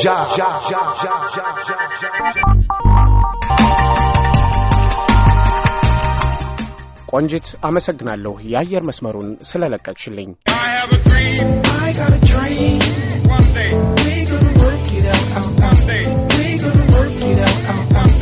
já, já, já, já, já, já, já. ቆንጂት አመሰግናለሁ የአየር መስመሩን ስለለቀቅሽልኝ። One day.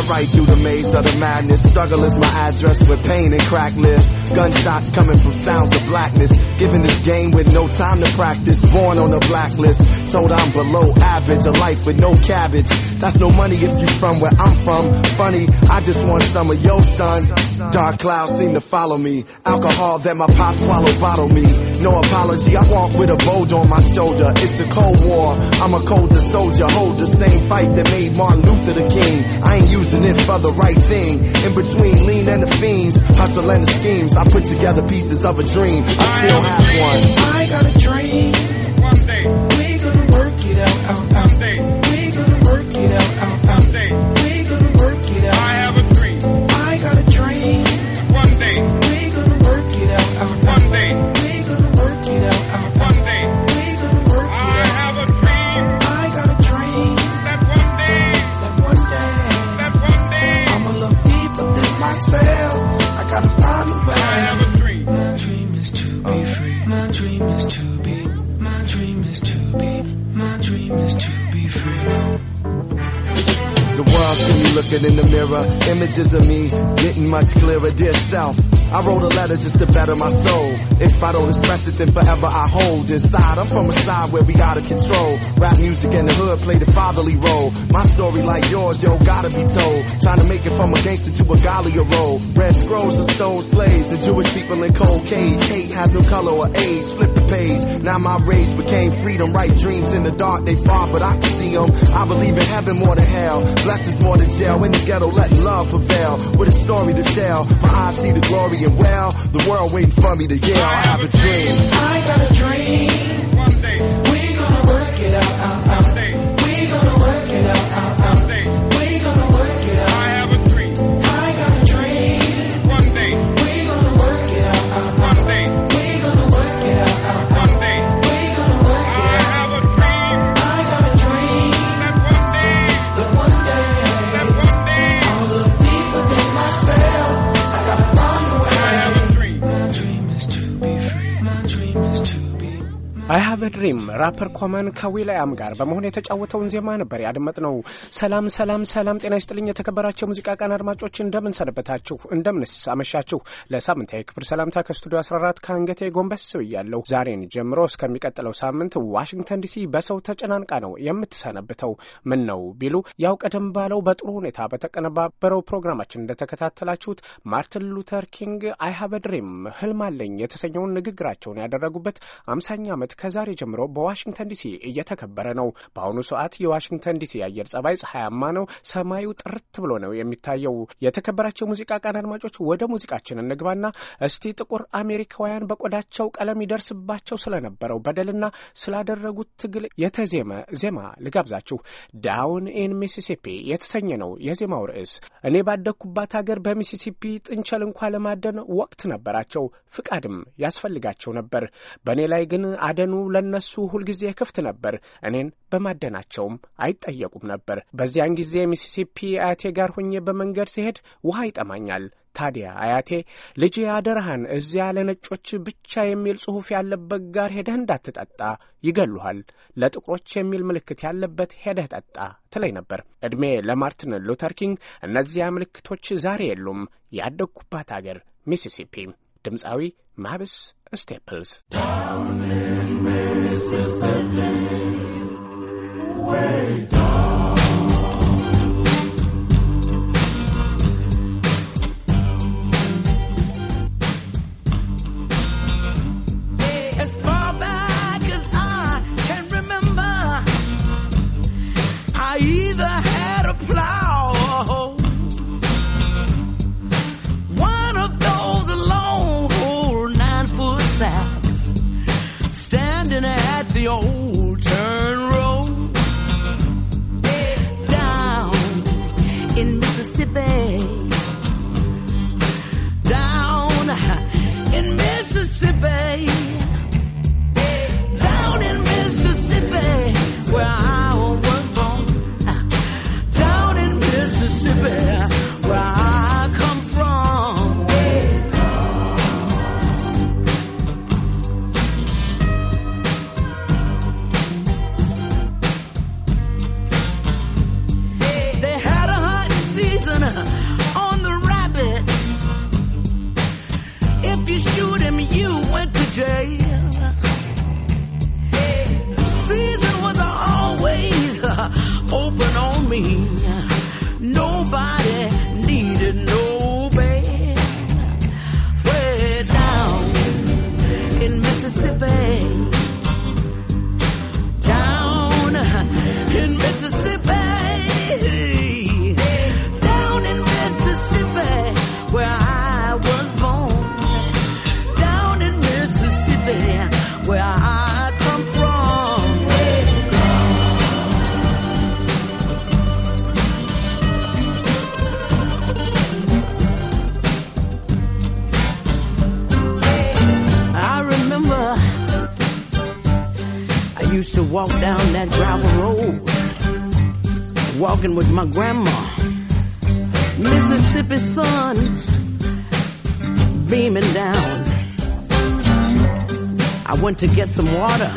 I ride through the maze of the madness. Struggle is my address with pain and crack lips. Gunshots coming from sounds of blackness. Given this game with no time to practice. Born on the blacklist. Told I'm below average. A life with no cabbage. That's no money if you from where I'm from. Funny, I just want some of your son. Dark clouds seem to follow me. Alcohol that my pop swallowed bottle me. No apology, I walk with a bold on my shoulder. It's a cold war. I'm a colder soldier. Hold the same fight that made Martin Luther the king. I ain't using it for the right thing. In between lean and the fiends, hustle and the schemes. I put together pieces of a dream. I still have one. I got a dream. One day. looking in the mirror. Images of me getting much clearer, dear self. I wrote a letter just to better my soul. If I don't express it, then forever I hold inside. I'm from a side where we gotta control. Rap music and the hood play the fatherly role. My story like yours, yo, gotta be told. Trying to make it from a gangster to a Galia role. Red scrolls and stone slaves, and Jewish people in cold cage. Hate has no color or age. Flip the page. Now my race became freedom. Right dreams in the dark, they far, but I can see them. I believe in heaven more than hell. Blessings more than jail. In the ghetto, let love prevail. With a story to tell, my eyes see the glory playing well. The world waiting for me to yell. I have a dream. I got a dream. One day. ራፐር ኮማን ከዊላያም ጋር በመሆን የተጫወተውን ዜማ ነበር ያደመጥነው። ሰላም ሰላም ሰላም፣ ጤና ይስጥልኝ የተከበራቸው የሙዚቃ ቀን አድማጮች፣ እንደምን ሰነበታችሁ? እንደምንስ አመሻችሁ? ለሳምንታዊ ክፍል ሰላምታ ከስቱዲዮ 14 ከአንገቴ ጎንበስ ብያለሁ። ዛሬን ጀምሮ እስከሚቀጥለው ሳምንት ዋሽንግተን ዲሲ በሰው ተጨናንቃ ነው የምትሰነብተው። ምን ነው ቢሉ ያው ቀደም ባለው በጥሩ ሁኔታ በተቀነባበረው ፕሮግራማችን እንደተከታተላችሁት ማርቲን ሉተር ኪንግ አይ ሃቭ ድሪም ህልም አለኝ የተሰኘውን ንግግራቸውን ያደረጉበት አምሳኛ ዓመት ከዛሬ ጀምሮ በዋ በዋሽንግተን ዲሲ እየተከበረ ነው። በአሁኑ ሰዓት የዋሽንግተን ዲሲ አየር ጸባይ ፀሐያማ ነው። ሰማዩ ጥርት ብሎ ነው የሚታየው። የተከበራቸው የሙዚቃ ቀን አድማጮች፣ ወደ ሙዚቃችን እንግባና እስቲ ጥቁር አሜሪካውያን በቆዳቸው ቀለም ይደርስባቸው ስለነበረው በደልና ስላደረጉት ትግል የተዜመ ዜማ ልጋብዛችሁ። ዳውን ኢን ሚሲሲፒ የተሰኘ ነው የዜማው ርዕስ። እኔ ባደግኩባት ሀገር በሚሲሲፒ ጥንቸል እንኳ ለማደን ወቅት ነበራቸው፣ ፍቃድም ያስፈልጋቸው ነበር። በእኔ ላይ ግን አደኑ ለነሱ ሁልጊዜ ክፍት ነበር። እኔን በማደናቸውም አይጠየቁም ነበር። በዚያን ጊዜ ሚሲሲፒ አያቴ ጋር ሆኜ በመንገድ ሲሄድ ውሃ ይጠማኛል። ታዲያ አያቴ ልጄ አደርሃን እዚያ ለነጮች ብቻ የሚል ጽሑፍ ያለበት ጋር ሄደህ እንዳትጠጣ ይገሉሃል፣ ለጥቁሮች የሚል ምልክት ያለበት ሄደህ ጠጣ ትለይ ነበር። ዕድሜ ለማርትን ሉተር ኪንግ እነዚያ ምልክቶች ዛሬ የሉም። ያደግኩባት አገር ሚሲሲፒ። ድምፃዊ ማብስ ስቴፕልስ This is the name. walk down that gravel road, walking with my grandma. Mississippi sun beaming down. I went to get some water.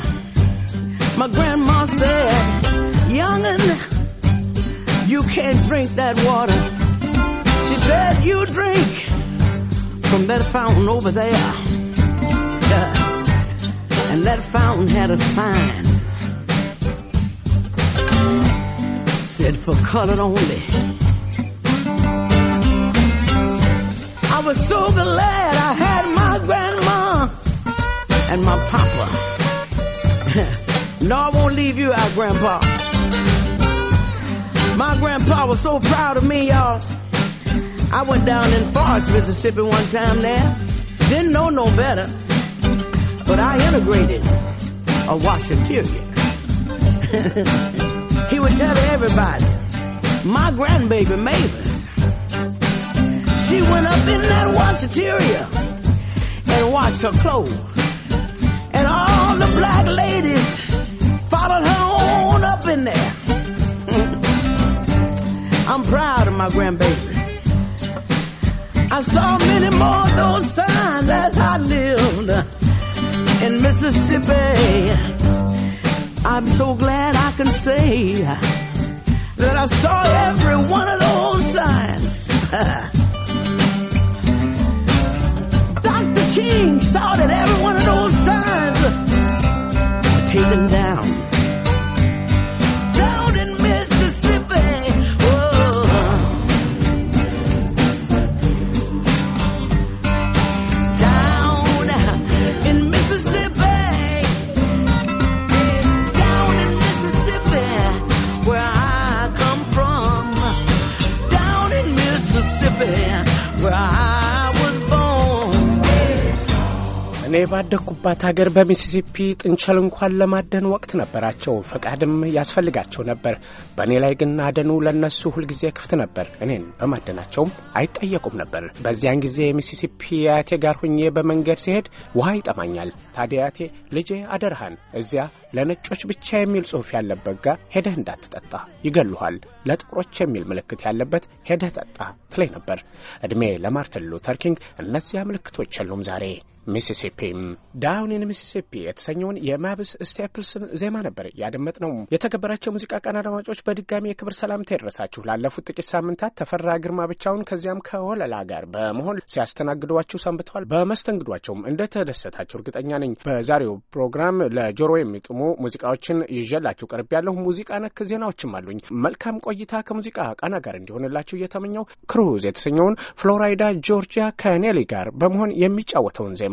My grandma said, Youngin', you can't drink that water. She said, You drink from that fountain over there. Yeah. And that fountain had a sign said for colored only. I was so glad I had my grandma and my papa. no, I won't leave you out, grandpa. My grandpa was so proud of me, y'all. I went down in Forest, Mississippi one time there. Didn't know no better. But I integrated a Washingtonian. would tell everybody. My grandbaby, Mavis. She went up in that washeteria and washed her clothes. And all the black ladies followed her on up in there. I'm proud of my grandbaby. I saw many more of those signs as I lived in Mississippi. I'm so glad I can say that I saw every one of those signs. Dr. King saw that every one of those signs were taken down. ባደግኩባት ሀገር በሚሲሲፒ ጥንቸል እንኳን ለማደን ወቅት ነበራቸው። ፈቃድም ያስፈልጋቸው ነበር። በእኔ ላይ ግን አደኑ ለእነሱ ሁልጊዜ ክፍት ነበር። እኔን በማደናቸውም አይጠየቁም ነበር። በዚያን ጊዜ የሚሲሲፒ አያቴ ጋር ሁኜ በመንገድ ሲሄድ ውሃ ይጠማኛል። ታዲያ አያቴ ልጄ አደርሃን እዚያ ለነጮች ብቻ የሚል ጽሑፍ ያለበት ጋ ሄደህ እንዳትጠጣ ይገሉሃል፣ ለጥቁሮች የሚል ምልክት ያለበት ሄደህ ጠጣ ትለይ ነበር። ዕድሜ ለማርትን ሉተር ኪንግ እነዚያ ምልክቶች የሉም ዛሬ። ሚሲሲፒም ዳውን ኢን ሚሲሲፒ የተሰኘውን የማብስ ስቴፕልስን ዜማ ነበር ያደመጥ ነው። የተከበራቸው የሙዚቃ ቀን አድማጮች በድጋሚ የክብር ሰላምታ ይድረሳችሁ። ላለፉት ጥቂት ሳምንታት ተፈራ ግርማ ብቻውን ከዚያም ከወለላ ጋር በመሆን ሲያስተናግዷችሁ ሰንብተዋል። በመስተንግዷቸውም እንደተደሰታችሁ እርግጠኛ ነኝ። በዛሬው ፕሮግራም ለጆሮ የሚጥሙ ሙዚቃዎችን ይዤላችሁ ቀርብ ያለሁ። ሙዚቃ ነክ ዜናዎችም አሉኝ። መልካም ቆይታ ከሙዚቃ ቃና ጋር እንዲሆንላችሁ እየተመኘው ክሩዝ የተሰኘውን ፍሎራይዳ ጆርጂያ ከኔሊ ጋር በመሆን የሚጫወተውን ዜማ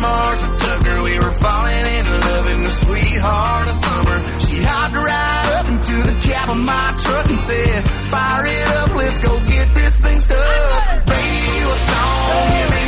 Marsha Tucker. We were falling in love in the sweetheart of summer. She hopped right up into the cab of my truck and said, Fire it up, let's go get this thing stuck. Baby, what's on?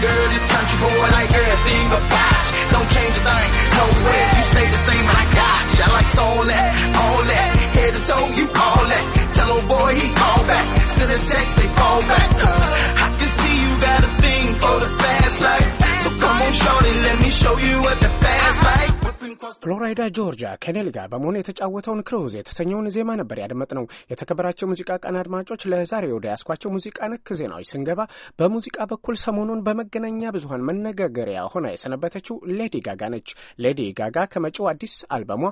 girl, this country boy like everything about you. Don't change a thing, no way. You stay the same My I got you. I like all that, all that. Head to toe, you all that. Tell old boy he call back. Send a text, say fall back. Cause I can see you got a thing for the fast life. So come on, shorty, let me show you what the fast life. ፍሎራይዳ ጆርጂያ ከኔል ጋር በመሆን የተጫወተውን ክሩዝ የተሰኘውን ዜማ ነበር ያደመጥነው። የተከበራቸው ሙዚቃ ቀን አድማጮች፣ ለዛሬ ወደ ያስኳቸው ሙዚቃ ነክ ዜናዎች ስንገባ በሙዚቃ በኩል ሰሞኑን በመገናኛ ብዙኃን መነጋገሪያ ሆና የሰነበተችው ሌዲ ጋጋ ነች። ሌዲ ጋጋ ከመጪው አዲስ አልበሟ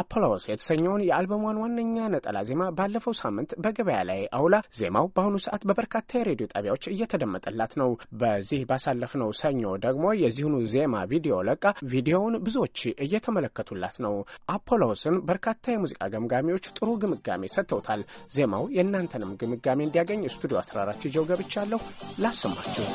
አፖሎስ የተሰኘውን የአልበሟን ዋነኛ ነጠላ ዜማ ባለፈው ሳምንት በገበያ ላይ አውላ ዜማው በአሁኑ ሰዓት በበርካታ የሬዲዮ ጣቢያዎች እየተደመጠላት ነው። በዚህ ባሳለፍነው ሰኞ ደግሞ የዚሁኑ ዜማ ቪዲዮ ለቃ ቪዲዮውን ብዙዎች እየተመ እያመለከቱላት ነው። አፖሎስን በርካታ የሙዚቃ ገምጋሚዎች ጥሩ ግምጋሜ ሰጥተውታል። ዜማው የእናንተንም ግምጋሜ እንዲያገኝ ስቱዲዮ 14 ይዤው ገብቻለሁ። ላሰማችሁ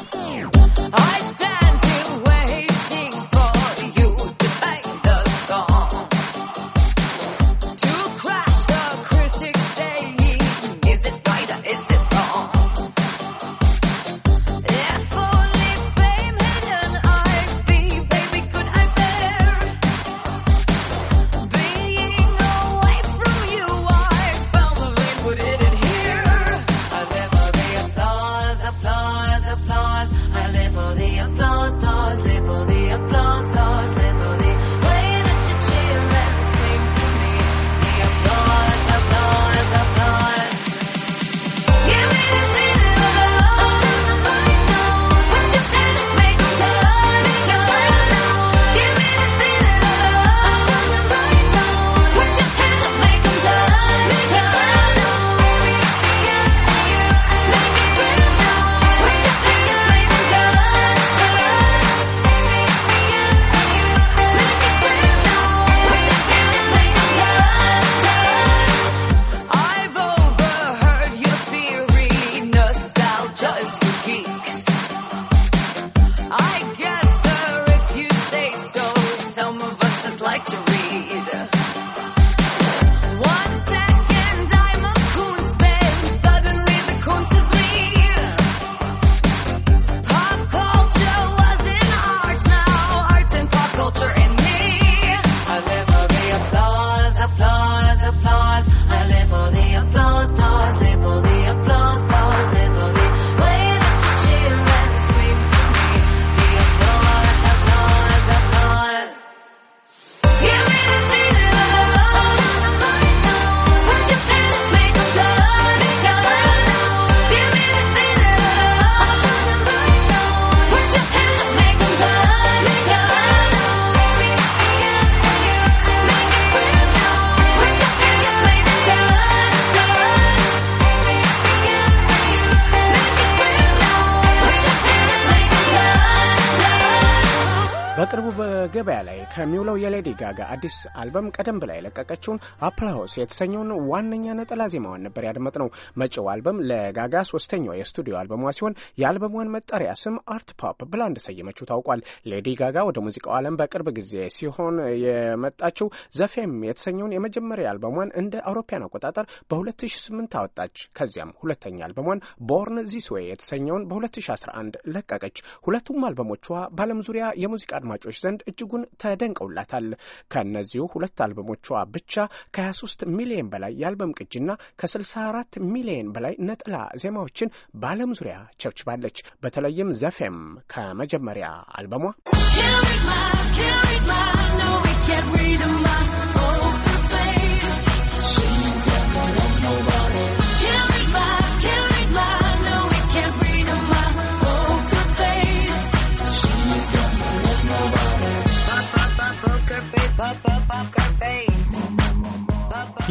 በገበያ ላይ ከሚውለው የሌዲ ጋጋ አዲስ አልበም ቀደም ብላ የለቀቀችውን አፕላሆስ የተሰኘውን ዋነኛ ነጠላ ዜማዋን ነበር ያደመጥ ነው። መጪው አልበም ለጋጋ ሶስተኛው የስቱዲዮ አልበሟ ሲሆን የአልበሟን መጠሪያ ስም አርት ፖፕ ብላ እንደሰየመችው ታውቋል። ሌዲ ጋጋ ወደ ሙዚቃው ዓለም በቅርብ ጊዜ ሲሆን የመጣችው ዘፌም የተሰኘውን የመጀመሪያ አልበሟን እንደ አውሮፓያን አቆጣጠር በ2008 አወጣች። ከዚያም ሁለተኛ አልበሟን ቦርን ዚስዌ የተሰኘውን በ2011 ለቀቀች። ሁለቱም አልበሞቿ በዓለም ዙሪያ የሙዚቃ አድማጮች ዘንድ እጅጉን ተደንቀውላታል። ከእነዚሁ ሁለት አልበሞቿ ብቻ ከ23 ሚሊዮን በላይ የአልበም ቅጂና ከ64 ሚሊዮን በላይ ነጠላ ዜማዎችን በዓለም ዙሪያ ቸብችባለች። በተለይም ዘፌም ከመጀመሪያ አልበሟ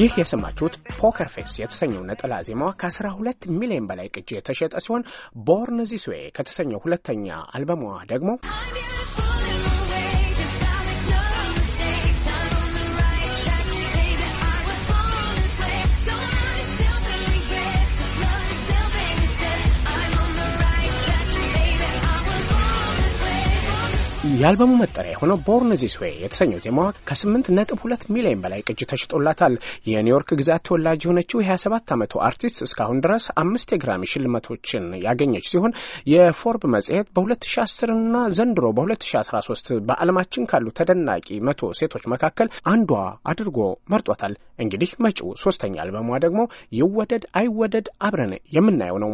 ይህ የሰማችሁት ፖከር ፌስ የተሰኘው ነጠላ ዜማዋ ከ12 ሚሊዮን በላይ ቅጂ የተሸጠ ሲሆን ቦርን ዚስዌ ከተሰኘው ሁለተኛ አልበሟ ደግሞ የአልበሙ መጠሪያ የሆነው ቦርን ዚስ ዌይ የተሰኘው ዜማ ከስምንት ነጥብ ሁለት ሚሊዮን በላይ ቅጅ ተሽጦላታል። የኒውዮርክ ግዛት ተወላጅ የሆነችው የ27 ዓመቱ አርቲስት እስካሁን ድረስ አምስት የግራሚ ሽልማቶችን ያገኘች ሲሆን የፎርብ መጽሔት በ2010 ና ዘንድሮ በ2013 በዓለማችን ካሉ ተደናቂ መቶ ሴቶች መካከል አንዷ አድርጎ መርጧታል። እንግዲህ መጪው ሶስተኛ አልበሟ ደግሞ ይወደድ አይወደድ አብረን የምናየው ነው።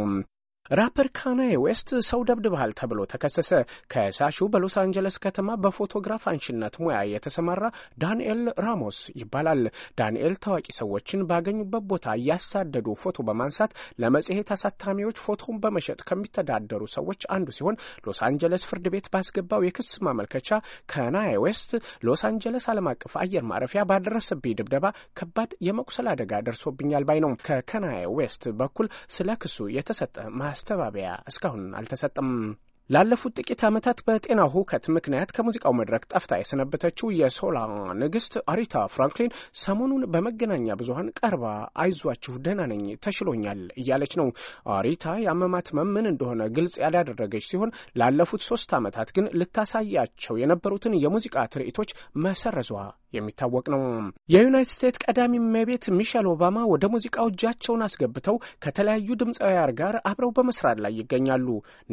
ራፐር ካናይ ዌስት ሰው ደብድበሃል ተብሎ ተከሰሰ። ከሳሹ በሎስ አንጀለስ ከተማ በፎቶግራፍ አንሽነት ሙያ የተሰማራ ዳንኤል ራሞስ ይባላል። ዳንኤል ታዋቂ ሰዎችን ባገኙበት ቦታ እያሳደዱ ፎቶ በማንሳት ለመጽሔት አሳታሚዎች ፎቶውን በመሸጥ ከሚተዳደሩ ሰዎች አንዱ ሲሆን ሎስ አንጀለስ ፍርድ ቤት ባስገባው የክስ ማመልከቻ ካናዬ ዌስት ሎስ አንጀለስ ዓለም አቀፍ አየር ማረፊያ ባደረሰብኝ ድብደባ ከባድ የመቁሰል አደጋ ደርሶብኛል ባይ ነው። ከካናዬ ዌስት በኩል ስለ ክሱ የተሰጠ ማስተባበያ እስካሁን አልተሰጠም። ላለፉት ጥቂት ዓመታት በጤና ሁከት ምክንያት ከሙዚቃው መድረክ ጠፍታ የሰነበተችው የሶላ ንግሥት አሪታ ፍራንክሊን ሰሞኑን በመገናኛ ብዙኃን ቀርባ አይዟችሁ ደህና ነኝ ተሽሎኛል እያለች ነው። አሪታ የአመማት መምን እንደሆነ ግልጽ ያላደረገች ሲሆን ላለፉት ሶስት ዓመታት ግን ልታሳያቸው የነበሩትን የሙዚቃ ትርኢቶች መሰረዟ የሚታወቅ ነው። የዩናይትድ ስቴትስ ቀዳሚ እመቤት ሚሸል ኦባማ ወደ ሙዚቃው እጃቸውን አስገብተው ከተለያዩ ድምፃውያን ጋር አብረው በመስራት ላይ ይገኛሉ።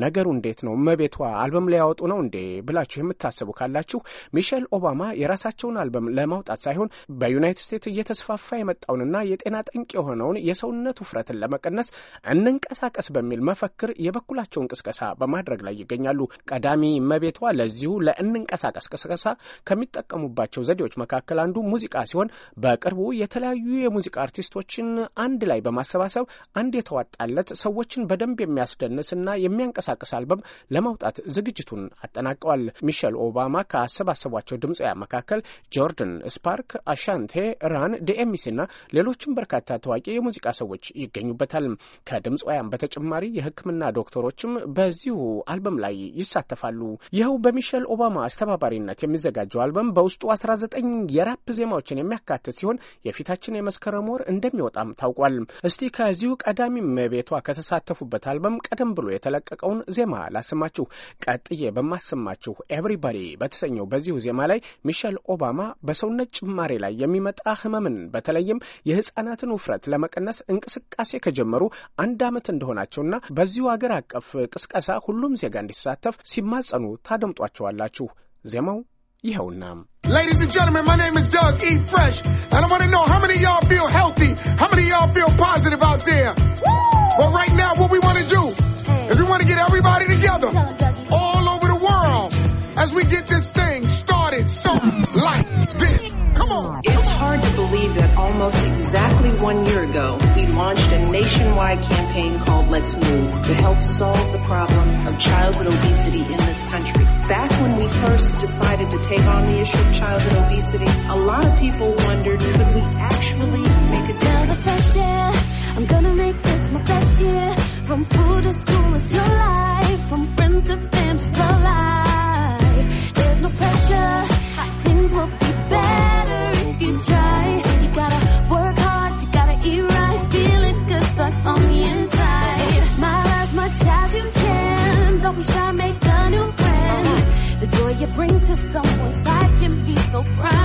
ነገሩ እንዴት ነው? እመቤቷ አልበም ሊያወጡ ነው እንዴ ብላችሁ የምታስቡ ካላችሁ ሚሼል ኦባማ የራሳቸውን አልበም ለማውጣት ሳይሆን በዩናይትድ ስቴትስ እየተስፋፋ የመጣውንና የጤና ጠንቅ የሆነውን የሰውነት ውፍረትን ለመቀነስ እንንቀሳቀስ በሚል መፈክር የበኩላቸውን ቅስቀሳ በማድረግ ላይ ይገኛሉ። ቀዳሚ እመቤቷ ለዚሁ ለእንንቀሳቀስ ቅስቀሳ ከሚጠቀሙባቸው ዘዴዎች መካከል አንዱ ሙዚቃ ሲሆን በቅርቡ የተለያዩ የሙዚቃ አርቲስቶችን አንድ ላይ በማሰባሰብ አንድ የተዋጣለት ሰዎችን በደንብ የሚያስደንስና የሚያንቀሳቅስ አልበም ለማውጣት ዝግጅቱን አጠናቀዋል። ሚሸል ኦባማ ካሰባሰቧቸው ድምፃውያን መካከል ጆርደን ስፓርክ፣ አሻንቴ፣ ራን ዲኤሚሲ እና ሌሎችም በርካታ ታዋቂ የሙዚቃ ሰዎች ይገኙበታል። ከድምፃውያን በተጨማሪ የሕክምና ዶክተሮችም በዚሁ አልበም ላይ ይሳተፋሉ። ይኸው በሚሸል ኦባማ አስተባባሪነት የሚዘጋጀው አልበም በውስጡ 19 የራፕ ዜማዎችን የሚያካትት ሲሆን የፊታችን የመስከረም ወር እንደሚወጣም ታውቋል። እስቲ ከዚሁ ቀዳሚ ቤቷ ከተሳተፉበት አልበም ቀደም ብሎ የተለቀቀውን ዜማ ላስማ። ላሰማችሁ። ቀጥዬ በማሰማችሁ ኤቭሪባዲ በተሰኘው በዚሁ ዜማ ላይ ሚሸል ኦባማ በሰውነት ጭማሬ ላይ የሚመጣ ህመምን በተለይም የህጻናትን ውፍረት ለመቀነስ እንቅስቃሴ ከጀመሩ አንድ ዓመት እንደሆናቸውና በዚሁ አገር አቀፍ ቅስቀሳ ሁሉም ዜጋ እንዲሳተፍ ሲማጸኑ ታደምጧቸዋላችሁ። ዜማው ይኸውና። Ladies and gentlemen, my name is Doug E. Fresh, and I want to know how many of y'all feel healthy, how many of y'all feel positive out there. Well, right now, what we want to do If we want to get everybody together all over the world as we get this thing started, something like this. Come on. It's hard to believe that almost exactly one year ago, we launched a nationwide campaign called Let's Move to help solve the problem of childhood obesity in this country. Back when we first decided to take on the issue of childhood obesity, a lot of people wondered could we actually make a difference? I'm gonna make this my best year. From food to school, it's your life. From friends to fam, just the life. There's no pressure. Things will be better if you try. You gotta work hard, you gotta eat right. Feeling good starts on the inside. Smile as much as you can. Don't be shy, make a new friend. The joy you bring to someone's life can be so bright.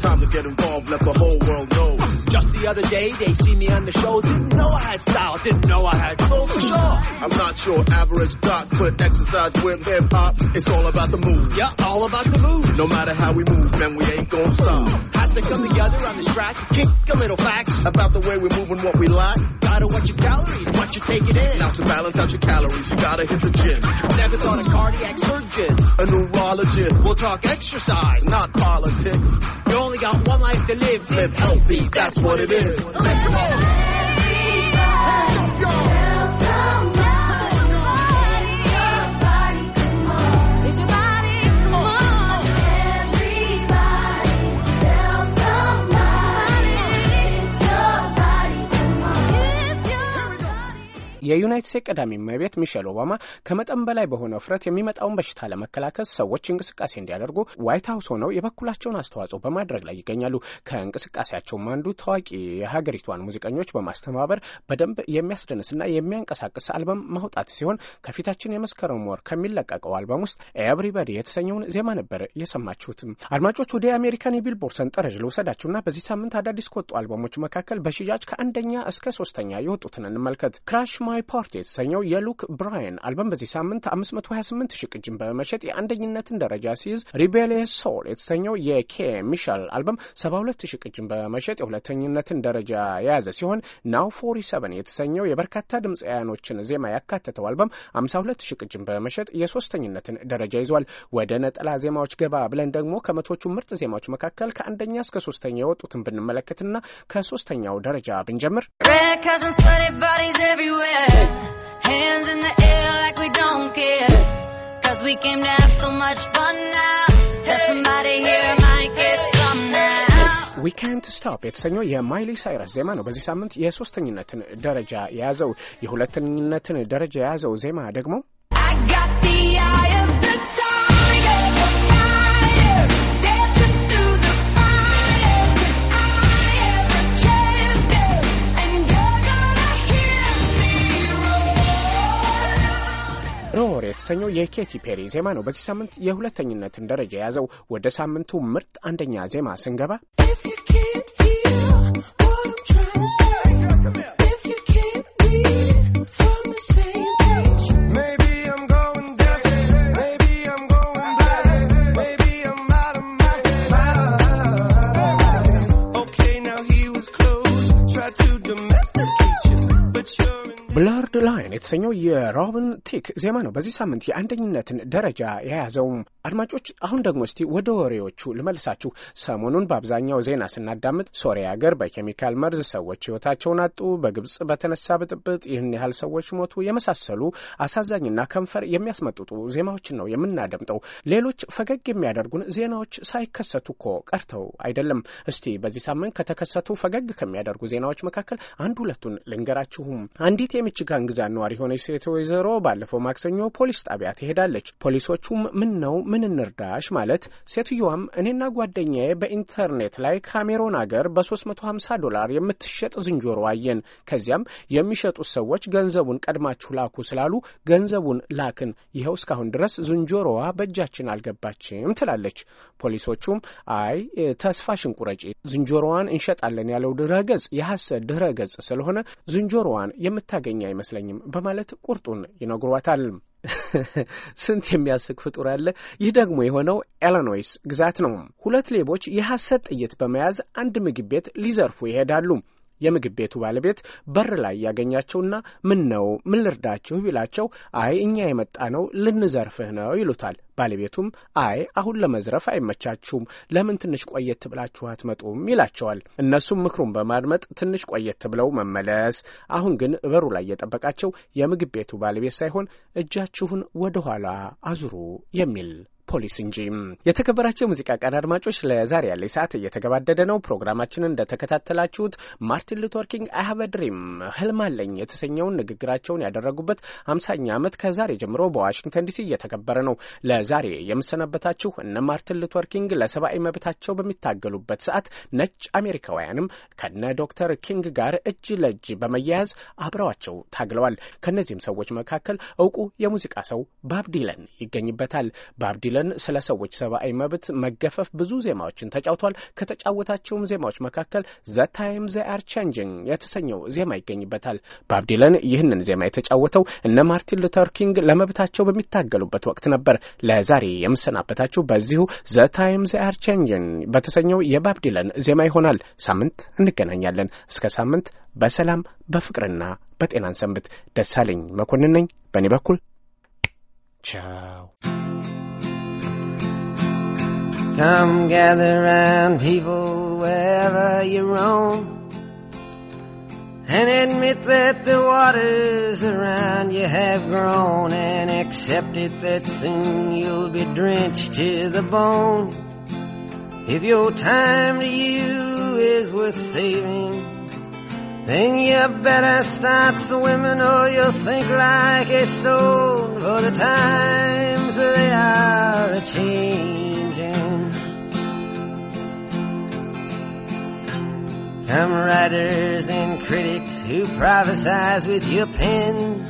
time to get involved, let the whole world know. Just the other day, they see me on the show, didn't know I had style, didn't know I had flow for sure. I'm not your average doc, but exercise with hip hop, it's all about the move. Yeah, all about the move. No matter how we move, man, we ain't gonna stop have to come together on this track. Kick a little facts about the way we move and what we like. Gotta watch your calories, Watch you it in. Now to balance out your calories, you gotta hit the gym. Never thought a cardiac surgeon, a neurologist. We'll talk exercise, not politics. You only got one life to live. Live healthy, that's what it is. Let's go. የዩናይትድ ስቴትስ ቀዳሚ እመቤት ሚሼል ኦባማ ከመጠን በላይ በሆነ ውፍረት የሚመጣውን በሽታ ለመከላከል ሰዎች እንቅስቃሴ እንዲያደርጉ ዋይት ሀውስ ሆነው የበኩላቸውን አስተዋጽኦ በማድረግ ላይ ይገኛሉ። ከእንቅስቃሴያቸውም አንዱ ታዋቂ የሀገሪቷን ሙዚቀኞች በማስተባበር በደንብ የሚያስደንስና የሚያንቀሳቅስ አልበም ማውጣት ሲሆን ከፊታችን የመስከረም ወር ከሚለቀቀው አልበም ውስጥ ኤብሪበዲ የተሰኘውን ዜማ ነበር የሰማችሁትም። አድማጮች ወደ የአሜሪካን የቢልቦርድ ሰንጠረዥ ልውሰዳችሁና በዚህ ሳምንት አዳዲስ ከወጡ አልበሞች መካከል በሽያጭ ከአንደኛ እስከ ሶስተኛ የወጡትን እንመልከት። ክራሽ ማይ ፓርቲ የተሰኘው የሉክ ብራያን አልበም በዚህ ሳምንት 528 ሺህ ቅጅን በመሸጥ የአንደኝነትን ደረጃ ሲይዝ፣ ሪቤሊየስ ሶል የተሰኘው የኬ ሚሻል አልበም 72 ሺህ ቅጅን በመሸጥ የሁለተኝነትን ደረጃ የያዘ ሲሆን፣ ናው 47 የተሰኘው የበርካታ ድምፃውያኖችን ዜማ ያካተተው አልበም 52 ሺህ ቅጅን በመሸጥ የሶስተኝነትን ደረጃ ይዟል። ወደ ነጠላ ዜማዎች ገባ ብለን ደግሞ ከመቶቹ ምርጥ ዜማዎች መካከል ከአንደኛ እስከ ሶስተኛ የወጡትን ብንመለከትና ከሶስተኛው ደረጃ ብንጀምር Red cousins, everywhere Hands in the air like we don't care. Cause we came to have so much fun now. That somebody here might get some now. ዊ ካንት ስታፕ የተሰኘው የማይሊ ሳይረስ ዜማ ነው። በዚህ ሳምንት የሶስተኝነትን ደረጃ የያዘው የሁለተኝነትን ደረጃ የያዘው ዜማ ደግሞ I got the ሮር የተሰኘው የኬቲ ፔሪ ዜማ ነው በዚህ ሳምንት የሁለተኝነትን ደረጃ የያዘው። ወደ ሳምንቱ ምርጥ አንደኛ ዜማ ስንገባ If ላይን የተሰኘው የሮብን ቲክ ዜማ ነው በዚህ ሳምንት የአንደኝነትን ደረጃ የያዘው። አድማጮች አሁን ደግሞ እስቲ ወደ ወሬዎቹ ልመልሳችሁ። ሰሞኑን በአብዛኛው ዜና ስናዳምጥ ሶሪያ ሀገር በኬሚካል መርዝ ሰዎች ህይወታቸውን አጡ፣ በግብጽ በተነሳ ብጥብጥ ይህን ያህል ሰዎች ሞቱ፣ የመሳሰሉ አሳዛኝና ከንፈር የሚያስመጥጡ ዜማዎችን ነው የምናደምጠው። ሌሎች ፈገግ የሚያደርጉን ዜናዎች ሳይከሰቱ እኮ ቀርተው አይደለም። እስቲ በዚህ ሳምንት ከተከሰቱ ፈገግ ከሚያደርጉ ዜናዎች መካከል አንድ ሁለቱን ልንገራችሁም። አንዲት የሚችጋን ግዛት ነዋሪ የሆነች ሴት ወይዘሮ ባለፈው ማክሰኞ ፖሊስ ጣቢያ ትሄዳለች። ፖሊሶቹም ምን ነው ምን እንርዳሽ ማለት፣ ሴትዮዋም እኔና ጓደኛዬ በኢንተርኔት ላይ ካሜሮን አገር በ350 ዶላር የምትሸጥ ዝንጀሮ አየን። ከዚያም የሚሸጡት ሰዎች ገንዘቡን ቀድማችሁ ላኩ ስላሉ ገንዘቡን ላክን። ይኸው እስካሁን ድረስ ዝንጀሮዋ በእጃችን አልገባችም ትላለች። ፖሊሶቹም አይ ተስፋ ሽንቁረጪ ዝንጀሮዋን እንሸጣለን ያለው ድረ ገጽ የሐሰት ድረ ገጽ ስለሆነ ዝንጀሮዋን የምታገኝ አይመስል አይመስለኝም በማለት ቁርጡን ይነግሯታል። ስንት የሚያስቅ ፍጡር አለ! ይህ ደግሞ የሆነው ኤለኖይስ ግዛት ነው። ሁለት ሌቦች የሐሰት ጥይት በመያዝ አንድ ምግብ ቤት ሊዘርፉ ይሄዳሉ። የምግብ ቤቱ ባለቤት በር ላይ ያገኛቸውና ምን ነው ምን ልርዳችሁ ቢላቸው አይ እኛ የመጣ ነው ልንዘርፍህ ነው ይሉታል። ባለቤቱም አይ አሁን ለመዝረፍ አይመቻችሁም፣ ለምን ትንሽ ቆየት ብላችሁ አትመጡም ይላቸዋል። እነሱም ምክሩን በማድመጥ ትንሽ ቆየት ብለው መመለስ። አሁን ግን በሩ ላይ የጠበቃቸው የምግብ ቤቱ ባለቤት ሳይሆን እጃችሁን ወደ ኋላ አዙሩ የሚል ፖሊስ እንጂ። የተከበራቸው የሙዚቃ ቀን አድማጮች፣ ለዛሬ ያለ ሰዓት እየተገባደደ ነው። ፕሮግራማችንን እንደተከታተላችሁት ማርቲን ሉተር ኪንግ አይ ድሪም ህልም አለኝ የተሰኘውን ንግግራቸውን ያደረጉበት አምሳኛ ዓመት ከዛሬ ጀምሮ በዋሽንግተን ዲሲ እየተከበረ ነው። ለዛሬ የምሰናበታችሁ እነ ማርቲን ሉተር ኪንግ ለሰብአዊ መብታቸው በሚታገሉበት ሰዓት ነጭ አሜሪካውያንም ከነ ዶክተር ኪንግ ጋር እጅ ለእጅ በመያያዝ አብረዋቸው ታግለዋል። ከእነዚህም ሰዎች መካከል እውቁ የሙዚቃ ሰው ባብ ዲለን ይገኝበታል። ባብ ዲለን ብለን ስለ ሰዎች ሰብአዊ መብት መገፈፍ ብዙ ዜማዎችን ተጫውቷል። ከተጫወታቸውም ዜማዎች መካከል ዘ ታይም ዘ አር ቻንጅንግ የተሰኘው ዜማ ይገኝበታል። ባብ ዲለን ይህንን ዜማ የተጫወተው እነ ማርቲን ሉተር ኪንግ ለመብታቸው በሚታገሉበት ወቅት ነበር። ለዛሬ የምሰናበታችሁ በዚሁ ዘ ታይም ዘ አር ቻንጅንግ በተሰኘው የባብ ዲለን ዜማ ይሆናል። ሳምንት እንገናኛለን። እስከ ሳምንት በሰላም በፍቅርና በጤናን ሰንብት። ደሳለኝ መኮንን ነኝ። በእኔ በኩል ቻው። Come gather round people wherever you roam and admit that the waters around you have grown and accept it that soon you'll be drenched to the bone. If your time to you is worth saving, then you better start swimming or you'll sink like a stone for the times they are a change. Some writers and critics who prophesize with your pen.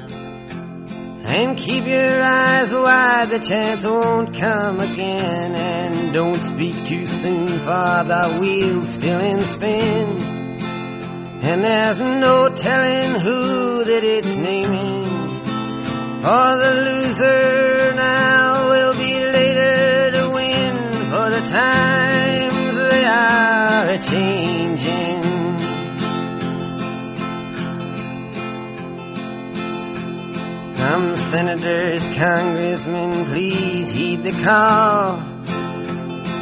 And keep your eyes wide, the chance won't come again. And don't speak too soon, for the wheel's still in spin. And there's no telling who that it's naming. For the loser now will be later to win, for the times they are a changing. Senators, congressmen, please heed the call.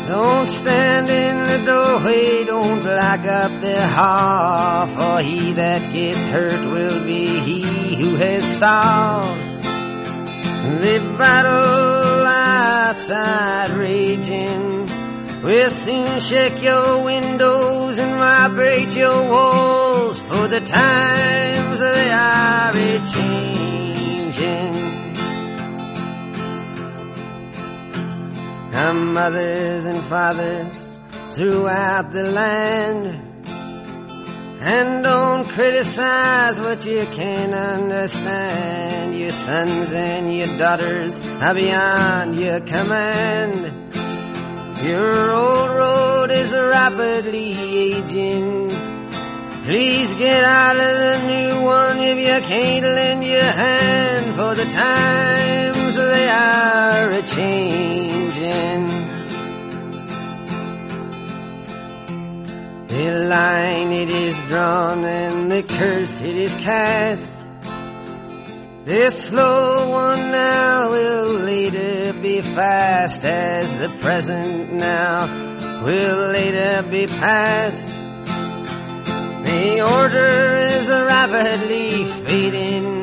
Don't stand in the doorway, don't block up the hall, for he that gets hurt will be he who has stalled. The battle outside raging will soon shake your windows and vibrate your walls, for the times they are a and mothers and fathers throughout the land. And don't criticize what you can't understand. Your sons and your daughters are beyond your command. Your old road is rapidly aging. Please get out of the new one if you can't lend your hand for the time they are a changing. The line it is drawn and the curse it is cast. This slow one now will later be fast as the present now will later be past. The order is rapidly fading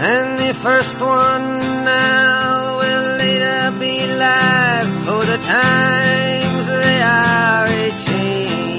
and the first one now will later be last, for the times they are a change.